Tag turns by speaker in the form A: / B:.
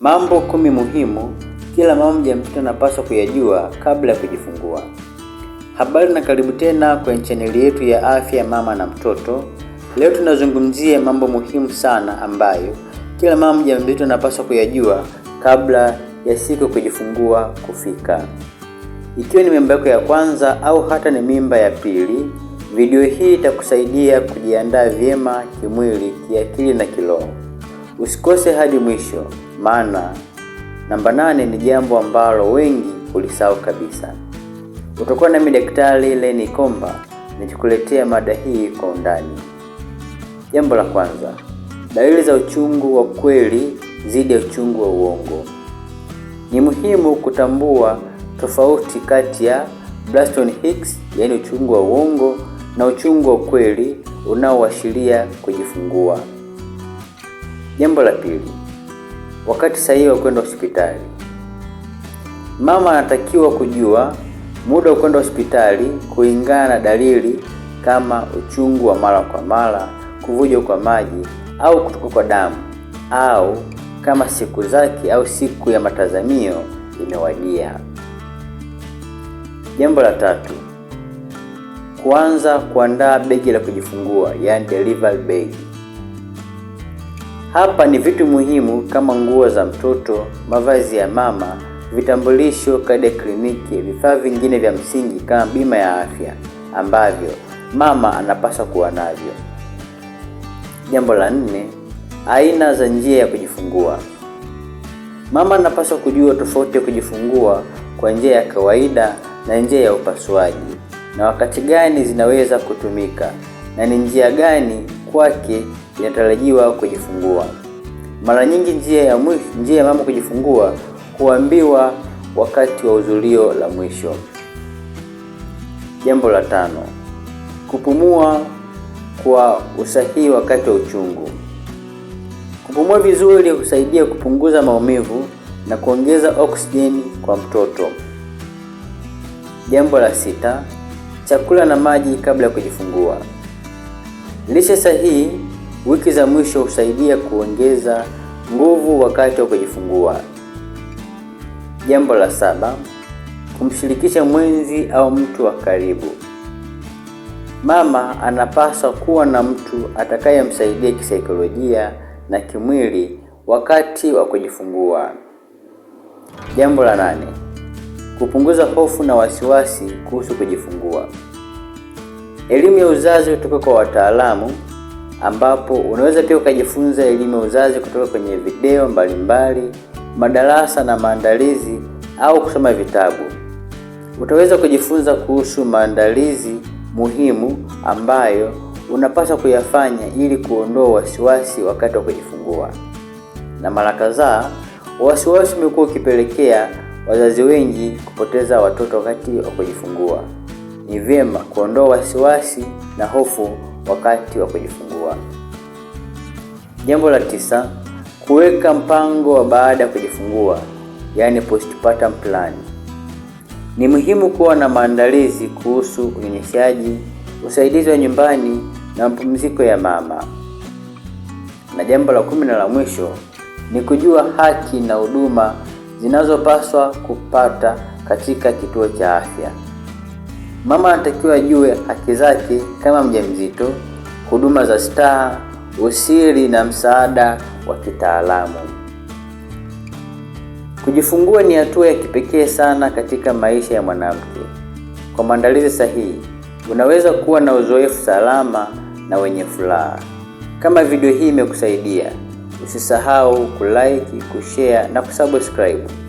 A: Mambo kumi muhimu kila mama mjamzito anapaswa kuyajua kabla ya kujifungua. Habari na karibu tena kwenye chaneli yetu ya afya mama na mtoto. Leo tunazungumzia mambo muhimu sana ambayo kila mama mjamzito anapaswa kuyajua kabla ya siku ya kujifungua kufika. Ikiwa ni mimba yako ya kwanza au hata ni mimba ya pili, video hii itakusaidia kujiandaa vyema kimwili, kiakili na kiroho. Usikose hadi mwisho maana namba nane ni jambo ambalo wengi hulisahau kabisa. Utakuwa nami Daktari Leni Komba nikikuletea mada hii kwa undani. Jambo la kwanza, dalili za uchungu wa kweli dhidi ya uchungu wa uongo. Ni muhimu kutambua tofauti kati ya Braxton Hicks, yaani uchungu wa uongo na uchungu wa kweli unaoashiria kujifungua. Jambo la pili wakati sahihi wa kwenda hospitali. Mama anatakiwa kujua muda wa kwenda hospitali kulingana na dalili kama uchungu wa mara kwa mara, kuvuja kwa maji au kutoka kwa damu, au kama siku zake au siku ya matazamio imewadia. Jambo la tatu, kuanza kuandaa begi la kujifungua, yani delivery bag. Hapa ni vitu muhimu kama nguo za mtoto, mavazi ya mama, vitambulisho, kadi ya kliniki, vifaa vingine vya msingi kama bima ya afya ambavyo mama anapaswa kuwa navyo. Jambo la nne, aina za njia ya kujifungua. Mama anapaswa kujua tofauti ya kujifungua kwa njia ya kawaida na njia ya upasuaji, na wakati gani zinaweza kutumika na ni njia gani kwake inatarajiwa kujifungua. Mara nyingi njia ya mwisho, njia ya mama kujifungua huambiwa wakati wa uzulio la mwisho. Jambo la tano, kupumua kwa usahihi wakati wa uchungu. Kupumua vizuri husaidia kupunguza maumivu na kuongeza oksijeni kwa mtoto. Jambo la sita, chakula na maji kabla ya kujifungua. Lishe sahihi Wiki za mwisho husaidia kuongeza nguvu wakati wa kujifungua. Jambo la saba, kumshirikisha mwenzi au mtu wa karibu. Mama anapaswa kuwa na mtu atakayemsaidia kisaikolojia na kimwili wakati wa kujifungua. Jambo la nane, kupunguza hofu na wasiwasi kuhusu kujifungua. Elimu ya uzazi kutoka kwa wataalamu ambapo unaweza pia ukajifunza elimu ya uzazi kutoka kwenye video mbalimbali mbali, madarasa na maandalizi au kusoma vitabu. Utaweza kujifunza kuhusu maandalizi muhimu ambayo unapaswa kuyafanya ili kuondoa wasiwasi wakati wa kujifungua. Na mara kadhaa wasiwasi umekuwa ukipelekea wazazi wengi kupoteza watoto wakati wa kujifungua. Ni vyema kuondoa wasiwasi na hofu wakati wa kujifungua. Jambo la tisa, kuweka mpango wa baada ya kujifungua, yaani postpartum plan. Ni muhimu kuwa na maandalizi kuhusu unyonyeshaji, usaidizi wa nyumbani na mapumziko ya mama. Na jambo la kumi na la mwisho ni kujua haki na huduma zinazopaswa kupata katika kituo cha afya. Mama anatakiwa ajue haki zake kama mjamzito, huduma za staha, usiri na msaada wa kitaalamu. Kujifungua ni hatua ya kipekee sana katika maisha ya mwanamke. Kwa maandalizi sahihi, unaweza kuwa na uzoefu salama na wenye furaha. Kama video hii imekusaidia, usisahau kulike, kushare na kusubscribe.